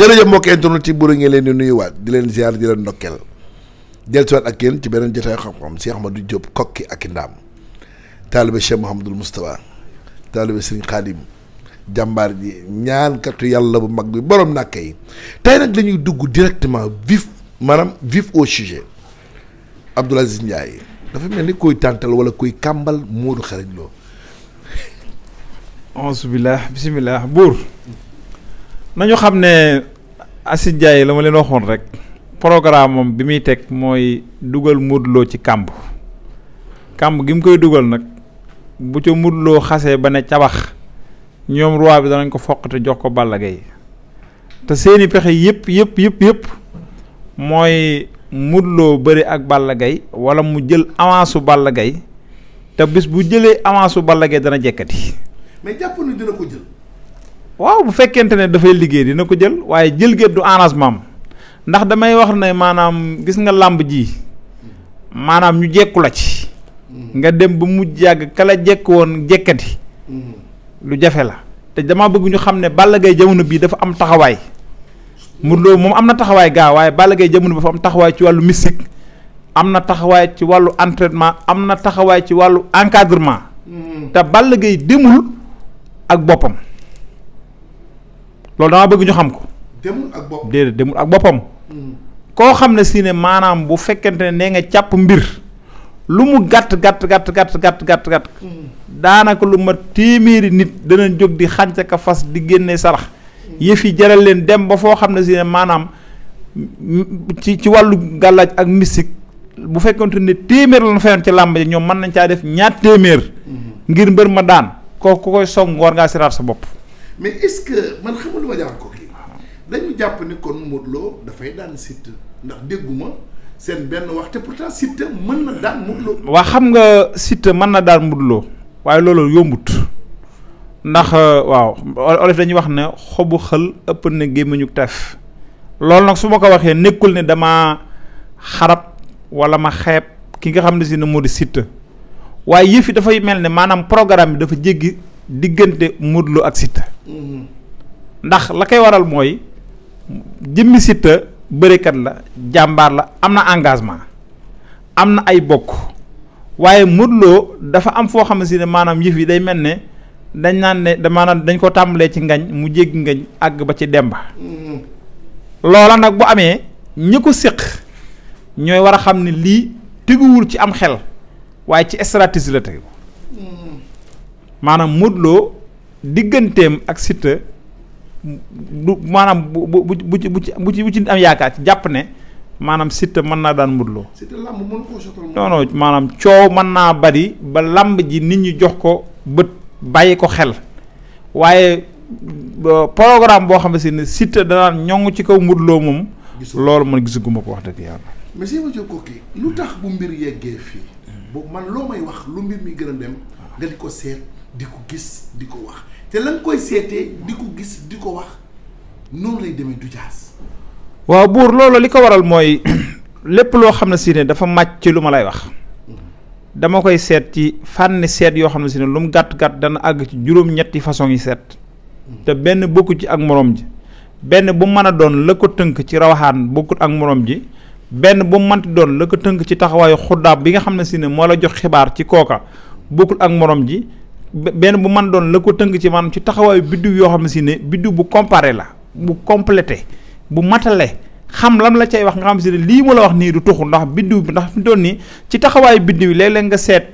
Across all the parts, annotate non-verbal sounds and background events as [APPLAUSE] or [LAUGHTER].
jërëjëf mbokk internet ci buru ngi leen di nuyuwaat di leen ziar di leen ndokkeel del siwaat ak yéen ci beneen jotaay xam-xam ma du Diop kokki ak i ndaam taalibe Cheikh Mouhamadul Moustapha taalibe Serigne Khadim jàmbaar ji ñaankatu yàlla bu mag bi borom nakk yi tey nag la dugg directement vif maanaam vif au sujet Abdoul Aziz Ndiaye dafa mel ni kuy tàntal wala kuy kàmbal Modou xarañ loo auzu billah bismillah buur nañu xam ne Assis jaay la ma leen waxoon rek programme am bi muy teg mooy dugal Modou ci kàmb kàmb gi mu koy dugal nag bu ca Modou Lo xasee ba ne cabax ñoom roi bi danañ ko foqate jox ko Balla Gaye te seeni pexe yëpp yëpp yëpp yëpp mooy Modou Lo bëri ak Balla Gaye wala mu jël avance su Balla Gaye te bis bu jëlee avance su Balla Gaye dana jekkati mais waaw bu fekkente ne dafay liggéey dina ko jël waaye jël géet du arrangement ndax damay wax ne maanaam gis nga làmb ji maanaam ñu jekku la ci mm-hmm. nga dem ba mu jàgg kala jekk woon jekkati mm-hmm. lu jafe la te dama bëgg ñu xam ne Balla gay jamono bii dafa am taxawaay Modou Lo moom am na taxawaay gaa waaye Balla gay jamono bi dafa am taxawaay ci wàllu mystique am na taxawaay ci wàllu entraînement am na taxawaay ci wàllu encadrement mm-hmm. te Balla Gaye demul ak boppam loolu dama bëgg ñu xam ko. demul ak boppam déedéet demul ak boppam. Hmm. koo xam ne si ne maanaam bu fekkente ne nee nga càpp mbir lu mu gàtt gàtt gàtt gàtt gàtt gàtt hmm. daanaka lu ma téeméeri nit danañ jóg di xànc ka fas di génne sarax. Hmm. yëf yi jaral leen dem ba foo xam ne si ne maanaam ci ci wàllu gàllaaj ak mystique bu fekkonte ne téeméer la ñu fayoon ci làmb ji ñoom mën nañ caa def ñaar téeméer. ngir mbër ma daan kooku koy song war ngaa siraat sa bopp. mais est-ce que man xamul lu ma jàpp ko kii dañu jàpp ni kon Modou dafay daan Siteu ndax dégguma seen benn wax te pourtant Siteu mën na daan Modou xam nga Siteu mën na daan Modou waaye loolu yombut ndax euh, waaw olof dañuy wax ne xobu xël ëpp na gémmiñu taf loolu nag su ma ko waxee nekkul ne dama xarab wala ma xeeb ki nga xam ne si ne moo di Siteu waaye yëf dafay mel ne maanaam programme bi dafa jéggi diggante Modou Lo ak Siteu mhm. ndax la koy waral mooy jëmmi Siteu bërekat la jàmbaar la am na engagement am na ay bokk waaye Modou Lo dafa am foo xam ne maanaam yëf yi day mel ne dañ naan ne maanaam dañ ko tàmbalee ci ngañ mu jéggi ngañ àgg ba ci demba mhm. loola nag bu amee ñi ko séq ñooy war a xam ne lii teguwul ci am xel waaye ci stratégie la tegu mhm. maanaam Modou Lo digganteem ak Siteu du maanaam bu bu bu ci bu ci bu ci am yaakaar ci jàpp ne maanaam Siteu mën naa daan Modou Lo. maanaam coow mën naa bari ba làmb ji nit ñi jox ko bët bàyyi ko xel waaye programme boo xam ne si ne Siteu danaan ñoŋ ci kaw Modou Lo moom. loolu man gisaguma ko wax dëgg yàlla. mais si tax bu mbir yeggee fii. boobu man wax lu mbir mi gën a dem. nga di ko seet. di ko gis di ko wax te la nga koy seetee di ko gis di ko wax noonu lay demee du jaas. waaw buur loolu li ko waral mooy [CLEARS THROAT] lépp loo xam ne si ne dafa màcc ci lu ma lay wax dama koy seet ci fànn seet yoo xam ne si ne lu mu gàtt gàtt dana àgg ci juróom-ñetti façon yi seet te benn bokku ci ak moroom ji benn bu mën a doon la ko tënk ci rawaxaan bokkut ak moroom ji benn bu mënti doon la ko tënk ci taxawaayu xuddaab bi nga xam ne si ne moo la jox xibaar ci kooka bokkul ak morom ji. benn bu man doon la ko tëng ci man ci taxawaayu biddiw yoo xam ne si ne biddu bu comparer la bu complété bu matale xam lam la cay wax nga xam si ne lii mu la wax nii du tuxu ndax biddiw bi ndax fi doon nii ci taxawaayu biddiw yi léeg nga seet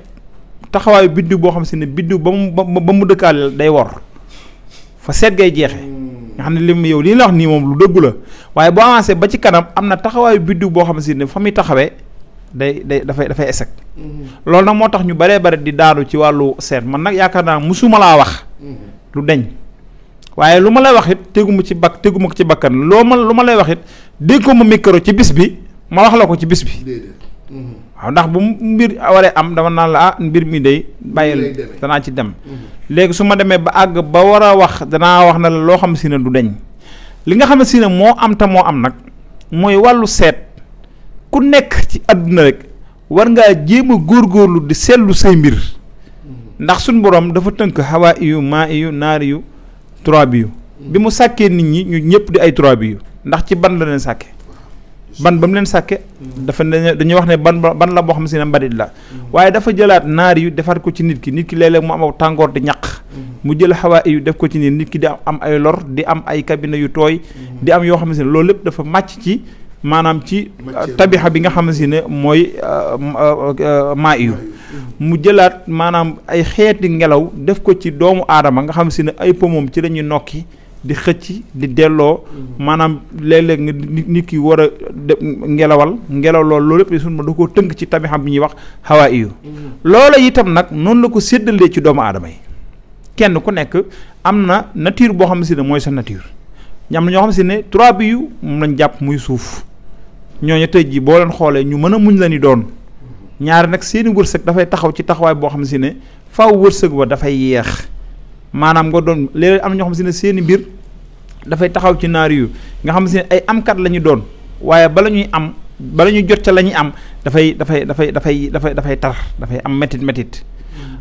taxawaayu biddiw boo xam si ne biddiw ba mu ba mu dëkkaale day wor fa seet gay jeexe nga xam ne lim yow lii la wax nii moom lu dëggu la waaye boo avancé ba ci kanam am na taxawaayu biddiw boo xam si ne fa muy taxawee day day dafay dafay échec. Mm-hmm. loolu nag moo tax ñu baree bari di daanu ci wàllu seet man nag yaakaar naa musuma laa wax. lu mm-hmm. deñ waaye lu ma lay wax it tegu ci bak tegu ko ci bakkan loo ma lu ma lay wax it dégg ko ma micro ci bis bi ma wax la ko ci bis bi. Mm-hmm. waaw ndax bu mbir waree am dama naan la ah mbir mi day bàyyil danaa ci dem léegi su ma demee ba àgg ba war a wax danaa wax na la loo xam si ne du deñ li nga xam ne moo am te moo am nag mooy wàllu seet ku nekk ci àdduna rek war ngaa jéem a góorgóorlu di seetlu say mbir ndax suñ boroom dafa tënk xawaa yu maa yu naari yu trois bi bi mu sàkkee nit ñi ñu ñëpp di ay trois bi yu ndax ci ban la leen sàkke ban ba mu leen sàkke dafa dañuy wax ne ban ban la boo xam si ne mbalit la waaye dafa jëlaat naar yu defaat ko ci nit ki nit ki léeg-léeg mu am tàngoor di ñaq mu jël xawaa yu def ko ci nit nit ki di am ay lor di am ay kabine yu tooy di am yoo xam ne maanaam ci tabixa bi nga xam si ne mooy euh, euh, euh, maa iyu mu jëlaat maanaam ay xeeti ngelaw def ko ci doomu aadama nga xam si ne ay pomoom ci lañuy ñuy nokki di xëcc di delloo mhm. maanaam léeg-léeg nga nit ki war a ngelawal ngelaw lool loolu lépp sunu ma da koo tënk ci tamit bi ñuy wax xawaa iyu mhm. loola itam nag noonu na ko séddalee ci doomu aadama yi kenn ku nekk am na nature boo xam si ne mooy sa nature ñu am na ñoo xam si ne trois bi yu moom lañ jàpp muy suuf ñooñu tey jii boo leen xoolee ñu mën a muñ la ni doon ñaari nag seeni wërsëg dafay taxaw ci taxawaay boo xam si ne faaw wërsëg ba dafay yeex maanaam nga doon léeg am na ñoo xam si ne seeni mbir dafay taxaw ci naar yu nga xam si ne ay amkat la ñu doon waaye bala ñuy am bala ñuy jot ca la ñuy am dafay dafay dafay dafay dafay dafay tar dafay am métit métit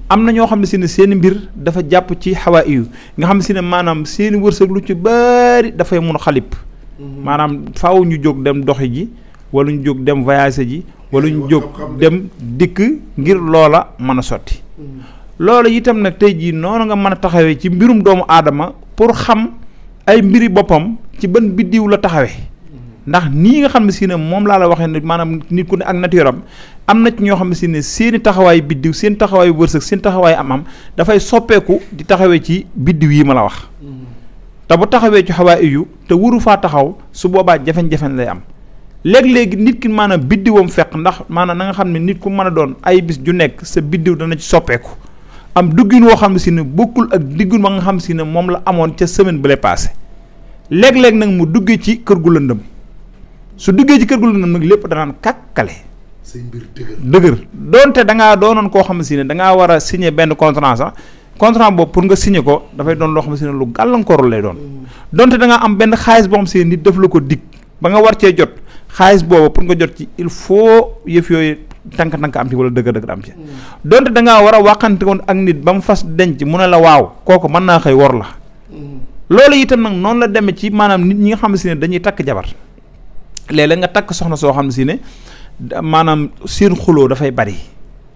am na ñoo xam ne si ne seen mbir dafa jàpp ci xawaa iyu nga xam si ne maanaam seeni wërsëg lu ci bari dafay mun xalib mhm. maanaam faw ñu jóg dem doxi ji wala ñu jóg dem voyage ji wala ñu jóg dem dikk ngir loola mën a sotti mhm. loola itam nag tey jii noonu nga mën a taxawee ci mbirum doomu aadama pour xam ay mbiri boppam ci ban biddiw la taxawee ndax nii nga xam ne si ne moom laa la waxee ne maanaam nit ku ne ak nature am am na ci ñoo xam ne si ne seen i taxawaay biddiw seen taxawaay wërsëg seen taxawaay am dafay soppeeku di taxawee ci biddiw yi ma la wax. Mm-hmm. te bu taxawee ci xawaayu te wuru faa taxaw su boobaa jafe-jafe lay am. léeg-léegi nit ki maanaam biddiwam fekk ndax maanaam na nga xam ne nit ku mën a doon ay bis ju nekk sa biddiw dana ci soppeeku am duggin woo xam ne si ne bokkul ak diggun ba nga xam si ne moom la amoon ca semaine bu lay passé léeg-léeg nag mu duggee ci kër gu lëndëm su duggee ci kër gu lëndëm nag lépp danaan kàkkale. say mbir dëgër dëgër donte da ngaa doonoon koo xam si ne da ngaa war a signé benn contrat sax contrant boobu pour nga signé ko dafay doon loo xam si ne lu gàllankooru lay doon. Mm. donte danga am benn xaalis boo xam si ne nit la ko dig ba nga war cee jot xaalis boobu pour nga jot ci il faut yëf yooyu tànk-tànk am ci wala dëgër-dëgër am ci. Mm. donte da ngaa war a waxante woon ak nit ba mu fas denc mu ne la waaw kooku mën naa xëy wor la. Mm. loolu tam nag noonu la demee ci maanaam nit ñi nga xam si ne dañuy takk jabar léeg nga takk soxna soo xam ne si ne maanaam seen xuloo dafay bari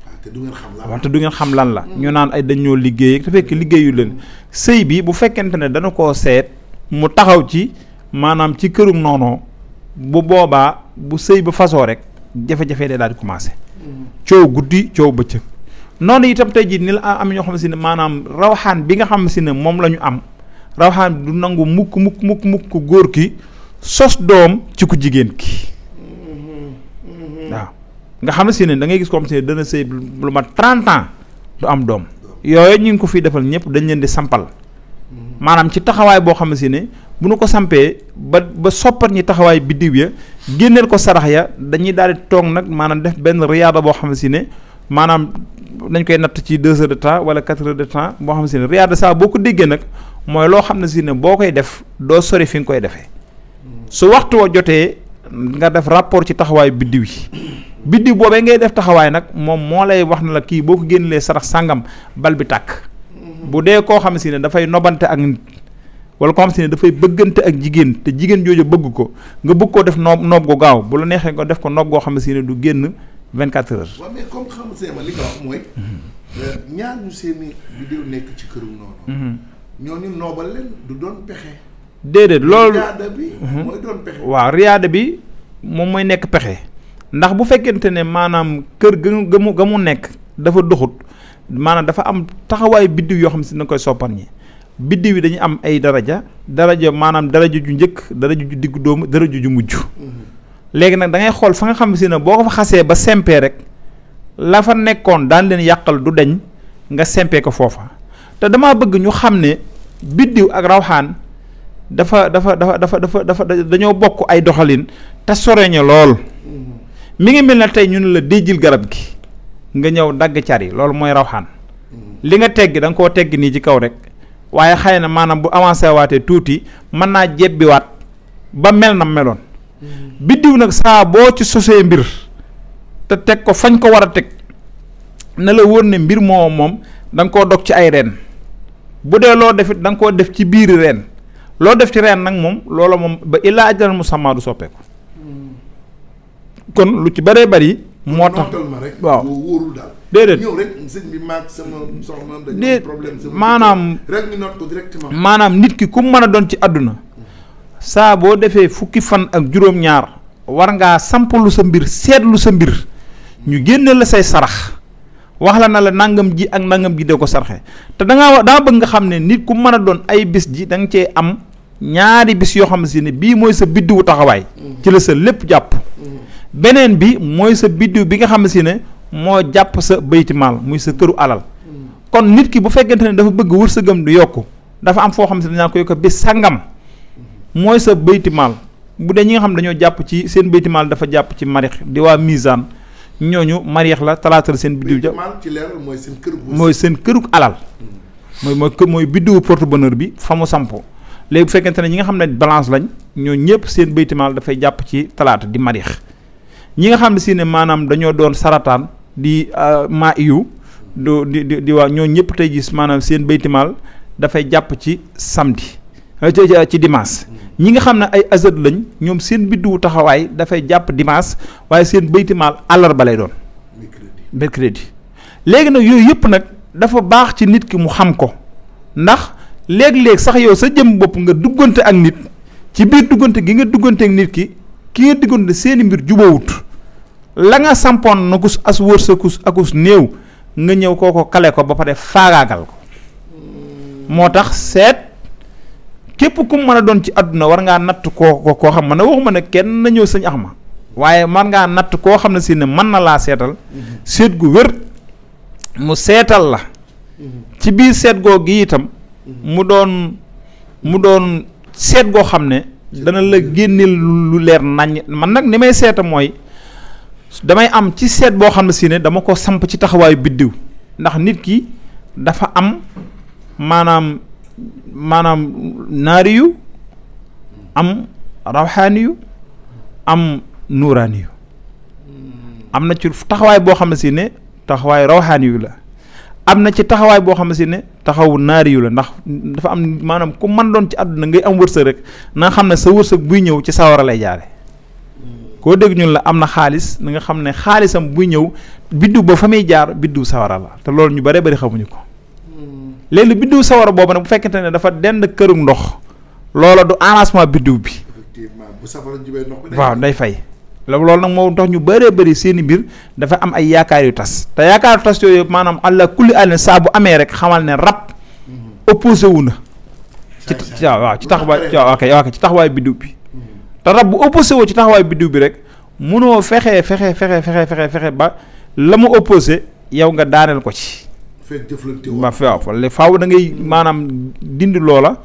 ah, wante du ngeen xam lan la ñoo naan ay dañoo liggéey te fekk liggéeyu leen sëy bi bu fekkente ne dana koo seet mu taxaw ci maanaam ci kërum noonoo bu boobaa bu sëy ba fasoo rek jafe-jafe day daal di commencé mm-hmm. coow guddi coow bëccëg noonu itam tey jii ni la am ñoo xam si ne maanaam rawaxaan bi nga xam si ne moom la ñu am rawxaan du nangu mukk mukk mukk mukk góor ki sos doom ci ku jigéen ki mm-hmm. waaw nga xam ne si ne da ngay gis ko am si ne dana sëy lu mat 30 ans du am doom yooyu ñu ngi ko fiy defal ñëpp dañ leen di sampal mm-hmm. maanaam ci taxawaay boo xam ne si ne bu nu ko sampee ba ba soppat ñi taxawaay biddiw ya génneel ko sarax ya dañuy daal di toog nag maanaam def benn riyaada boo xam ne si ne maanaam dañ koy natt ci deux heures de temps wala quatre heures de temps boo xam ne si ne riyaada saa boo ko déggee nag mooy loo xam ne si ne boo koy def doo sori fi nga koy defee su waxtu wa jotee nga def rapport ci taxawaayu biddiw yi biddiw boobee ngay def taxawaay nag moom moo lay wax na la kii boo ko génnelee sarax sàngam bal bi tàkk bu dee koo xam si ne dafay nobante ak nit wala koo xam si dafay bëggante ak jigéen te jigéen jooju bëgg ko nga bëgg koo def noob noob gu gaaw bu la neexee nga def ko noob goo xam si ne du génn vingt quatre heures. waaw mais comme li mooy. Mhm. Euh, ñaar ñu ci këru noonu. Mhm. déedéet loolu mhm. waaw riyaada bi moom mooy nekk pexe ndax bu fekkente ne maanaam kër ga mu ga mu nekk dafa doxut maanaam dafa am taxawaayu biddiw yoo xam si na koy soppal ñi biddiw yi dañuy am ay daraja daraja maanaam daraja ju njëkk daraja ju diggu doomu daraja ju mujj mhm. léegi nag dangay xool fa nga xam si ne boo ko fa xasee ba sempee rek la fa nekkoon daan leen yàqal du deñ nga sempee ko foofa te dama bëgg ñu xam ne biddiw ak rawxaan dafa dafa dafa dafa dafa dafa dañoo bokk ay doxalin te soreño lool mm-hmm. mi ngi mel na tey ñu ñun la déjjil garab gi nga ñëw dagg car yi loolu mooy rawxaan mm-hmm. li nga tegg danga nga koo tegg nii ci kaw rek waaye xëy na maanaam bu avancé waatee tuuti mën naa jebbiwaat ba mel na meloon mm-hmm. biddiw nag saa boo ci sosee mbir te teg ko fañ ko war a teg na la wóor ne mbir moo moom danga ko dog ci ay reen bu dee loo defit da nga koo def ci biiri reen loo def ci reen nag moom loola moom ba illaa ajalan musammaa du soppeeku kon lu ci bëree bëri moo tax waaw déedéet ñëw rek sëñ maanaam maanaam nit ki ku mën a doon ci àdduna saa boo defee fukki fan ak juróom-ñaar war ngaa sampalu sa mbir seetlu sa mbir ñu génne la say sarax wax la na la nangam ji ak nangam ji de ko sarxe te danga ngaa daa bëgg nga xam ne nit ku mën a doon ay bis ji danga cee am ñaari bis yoo xam si ne bii mooy sa biddiwu taxawaay ci la sa lépp jàpp beneen bi mooy sa biddiw bi nga xam si ne moo jàpp sa bayti maal muy sa këru alal kon nit ki bu fekkente ne dafa bëgg wërsëgam du yokku dafa am foo xam si ne dañaan ko yokk bis sangam mooy sa bayti bu dee ñi nga xam dañoo jàpp ci seen bayti dafa jàpp ci marix di waa misaan ñooñu mariex la talaatal seen biddiw ja mooy seen këru alal mm. mooy mooy mooy biddiwu porte bonheur bi fa mu sampo léegi bu fekkente ne ñi nga xam ne balance lañ ñoo ñëpp seen baytimaal dafay jàpp ci talaata di marix ñi nga xam ne si maanaam dañoo doon sarataan di euh, maa iyu du di ñoo ñëpp tey gis maanaam seen baytimaal dafay jàpp ci samedi euh, ci dimanche ñi nga xam ne ay azad lañ ñoom seen bidduwu taxawaay dafay jàpp dimanche waaye seen baytimaal àllarba lay doon mercredi léegi nag yooyu yëpp nag dafa baax ci nit ki mu xam ko ndax léeg-léeg sax yow sa jëm bopp nga duggante ak nit ci biir duggante gi nga duggante ak nit ki ki nga diggante seeni mbir jubawut la nga sampoon na kus as wërsëkus akus néew nga ñëw koo ko kale ko ba pare faagaagal ko hmm. moo tax seet képp ku mën a doon ci àdduna war ngaa natt koo koo xam ne waxuma ne kenn na ñëw sëñ ax ma waaye man ngaa natt koo xam ne si mën na laa seetal hmm. seet gu wér mu seetal la hmm. ci biir seet gi itam mu doon mu doon seet goo xam ne dana la génne lu leer naññ man nag ni may seeta mooy damay am ci seet boo xam ne si ne dama ko samp ci taxawaayu biddiw ndax nit ki dafa am maanaam maanaam naari yu am rawxaani yu am nuuraani yu am na ci taxawaay boo xam ne si ne taxawaay rawxaani yu la am na ci taxawaay boo xam si ne taxawu naari yu la ndax dafa am maanaam ku man doon ci àdduna ngay am wërsëg rek na xam ne sa wërsëg buy ñëw ci sawara lay jaare koo dégg ñu la am na xaalis na nga xam ne xaalisam buy ñëw biddu ba fa muy jaar biddu sawara la te loolu ñu bare bari xamuñu ko léegi biddu sawara boobu nag bu fekkente ne dafa dend këru ndox loola du arrangement biddu bi waaw day fay loolu nag moo tax ñu bëree bëri seeni mbir dafa am ay yaakaar yu tas te yaakaar yu tas yooyu maanaam allah kulli àll saa bu amee rek xamal ne rab opposé wu na. ci waaw ci taxawaay waaw ok bi. Mm-hmm. te rab bu opposé woo ci taxawaay biddiw bi rek munoo fexe fexe fexe fexe fexe ba la mu opposé yow nga daaneel ko ci. fekk jëflante waaw faaw da ngay maanaam dindi loola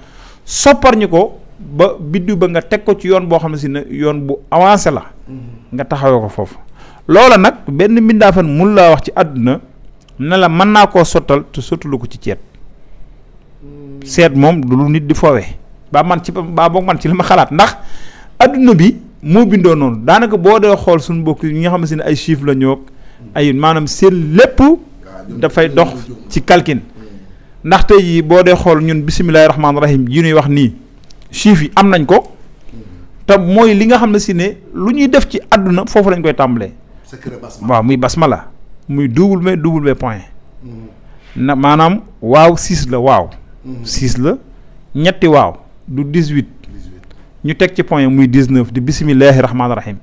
soppar ñu ko. ba biddiw ba nga teg ko ci yoon boo xam ne si ne yoon bu avancé la mm-hmm. nga taxawee ko foofu loola nag benn mbindaafan mun laa wax ci àdduna ne mën naa koo sottal te sottalu ko ci ceeb mm-hmm. seet moom du nit di foowee baa man ci baa boog man ci li ma xalaat ndax àdduna bi moo bindoo noonu daanaka boo dee xool suñu mbokk yi nga xam ne ay chiffres la ñoo ay maanaam seen lépp dafay dox ci kalkin mm-hmm. ndax tey jii boo dee xool ñun bisimilahi rahmaani rahim yi ñuy wax nii chiffres yi am nañ ko te mooy li nga xam ne si ne lu ñuy def ci àdduna foofu lañ koy tàmbalee. waaw muy la muy double mais double mais point. na maanaam waaw six la waaw. six la ñetti waaw du dix huit. ñu teg ci point muy dix neuf di bisimilahi rahmaani rahim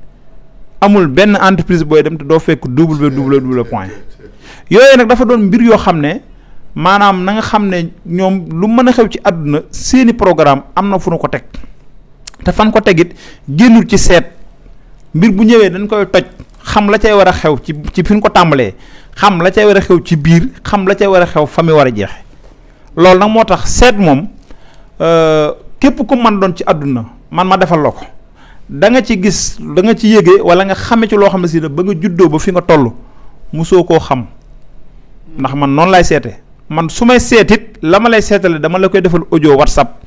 amul benn entreprise booy dem te doo fekk double mais double double point. [LAUGHS] yooyu nag dafa doon mbir yoo xam ne. maanaam na nga xam ne ñoom lu mën a xew ci àdduna seeni programme am na fu nu ko teg te fan ko tegit génnul ci seet mbir bu ñëwee dañ koy toj xam la cay war a xew ci ci fi ñu ko tàmbalee xam la cay war a xew ci biir xam la cay war a xew fa mi war a jeex loolu nag moo tax seet moom euh, képp ku man doon ci àdduna man ma defal la ko da nga ci gis danga nga ci yéege wala nga xame ci loo xam ne si da ba nga juddoo ba fi nga tollu musoo koo xam ndax man noonu laay seete man su may seetit la ma lay seetale dama la koy defal audio whatsapp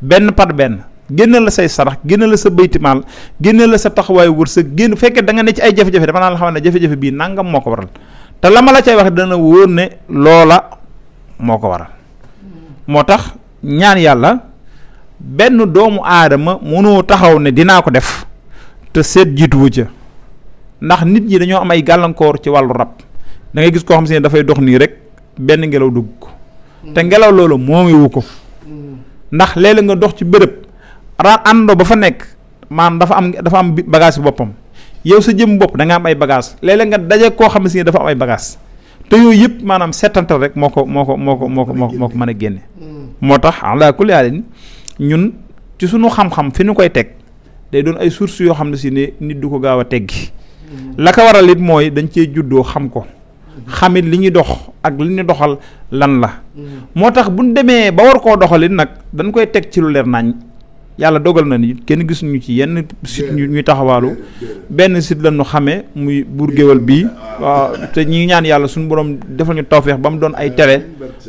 benn par benn génne la say sarax génne la sa baytimaal génne la sa taxawaayu wërsëg génn fekkee da nga ne ci ay jafe-jafe dama naa la xam ne jafe-jafe bii nangam moo ko waral te la ma la cay wax dana wóor ne loola moo ko waral moo tax ñaan yàlla benn doomu aadama mënoo taxaw ne dinaa ko def te seet jiituwu ca ndax nit ñi dañoo am ay gàllankoor ci wàllu rab da ngay gis koo xam si ne dafay dox nii rek. benn ngelaw dugg ko te ngelaw loolu moo moomewu ko ndax léeg nga dox ci bërëb ra àndoo ba fa nekk maan dafa am dafa am bagage bi boppam yow sa jëm bopp da nga am ay bagage léeg nga daje koo xam ne si dafa am ay bagage te yooyu yëpp maanaam settantal rek moo ko moo ko moo ko moo ko moo ko mën a génne moo tax ala kulli haalin ñun ci sunu xam-xam fi ñu koy teg day doon ay sources yoo xam ne si ne nit du ko gaaw a teggi la ko waral it mooy dañ cee juddoo xam ko xamit li ñuy dox ak li ñu doxal lan la moo tax bu buñ demee ba war koo doxalin nag dañ koy teg ci lu leer nañ yàlla dogal na ni kenn gisuñu ci yenn site ñuy taxawaalu benn site la ñu xamee muy buur géwal bii waaw te ñi ñaan yàlla suñu borom defal ñu tawféex ba mu doon ay tere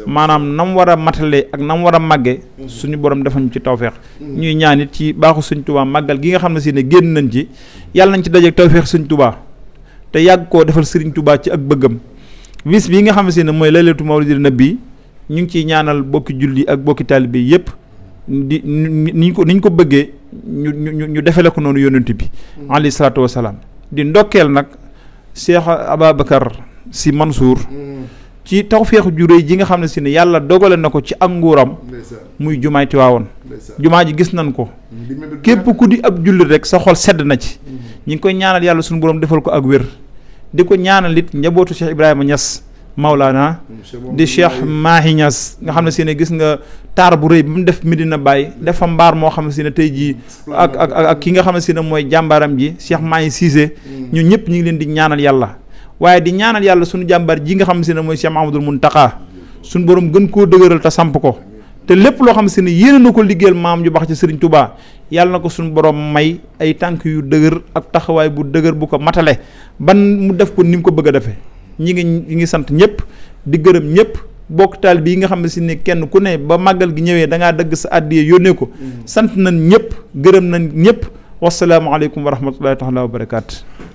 maanaam nam war a matale ak nam war a màgge suñu borom defal ñu ci tawféex ñuy ñaan it ci baaxu sëñ tubaa màggal gi nga xam ne si ne génn nañ ci yàlla nañ ci dajeeg tawféex sëñ tubaa te yàgg koo defal sëriñ tubaa ci ak bëggam bis bi nga xam si ne mooy laylatu mawlidi nabi ñu ngi ciy ñaanal bokki julli ak bokki taalibe yëpp di niñ ko niñ ko bëggee ñu ñu ñu defale ko noonu yonent bi alayhi salaatu wasalaam di ndokkeel nag Cheikh Ababacar Sy Mansour ci tawféexu ju réy ji nga xam ne si ne yàlla dogale na ko ci ak nguuram muy jumaa jumaay waawoon jumaa ji gis nañ ko képp ku di ab jullit rek sa xol sedd na ci ñi ngi koy ñaanal yàlla suñu borom defal ko ak wér di ko ñaanal it njabootu Cheikh Ibrahima Niass Maulana di Cheikh Mahi ñas nga xam ne si ne gis nga taar bu rëy bi mu def na Baye dafa mbaar moo xam ne si ne tey jii ak ak ak ki nga xam ne si ne mooy jàmbaaram ji Cheikh Mahi Cissé mm. ñun ñëpp ñu ngi leen di ñaanal yàlla waaye di ñaanal yàlla suñu jàmbaar ji nga xam ne si ne mooy Cheikh Mahamadul Muntaqa suñu boroom gën koo dëgëral te samp ko te lépp loo xam si ne yéene na ko liggéeyal maam ju baax ci Serigne Touba yàlla na ko suñu boroom may ay tànk yu dëgër ak taxawaay bu dëgër bu ko matale ban mu def ko ni mu ko bëgg a defee ñi nga ñi ngi sant ñëpp di gërëm ñëpp bokk taal bi yi nga xam si ne kenn ku ne ba màggal gi ñëwee dangaa ngaa dëgg sa àddiyee yónnee ko. Mm. sant na ñëpp gërëm na ñëpp wasalaamualeykum wa rahmatullahi taala wa barakaatu.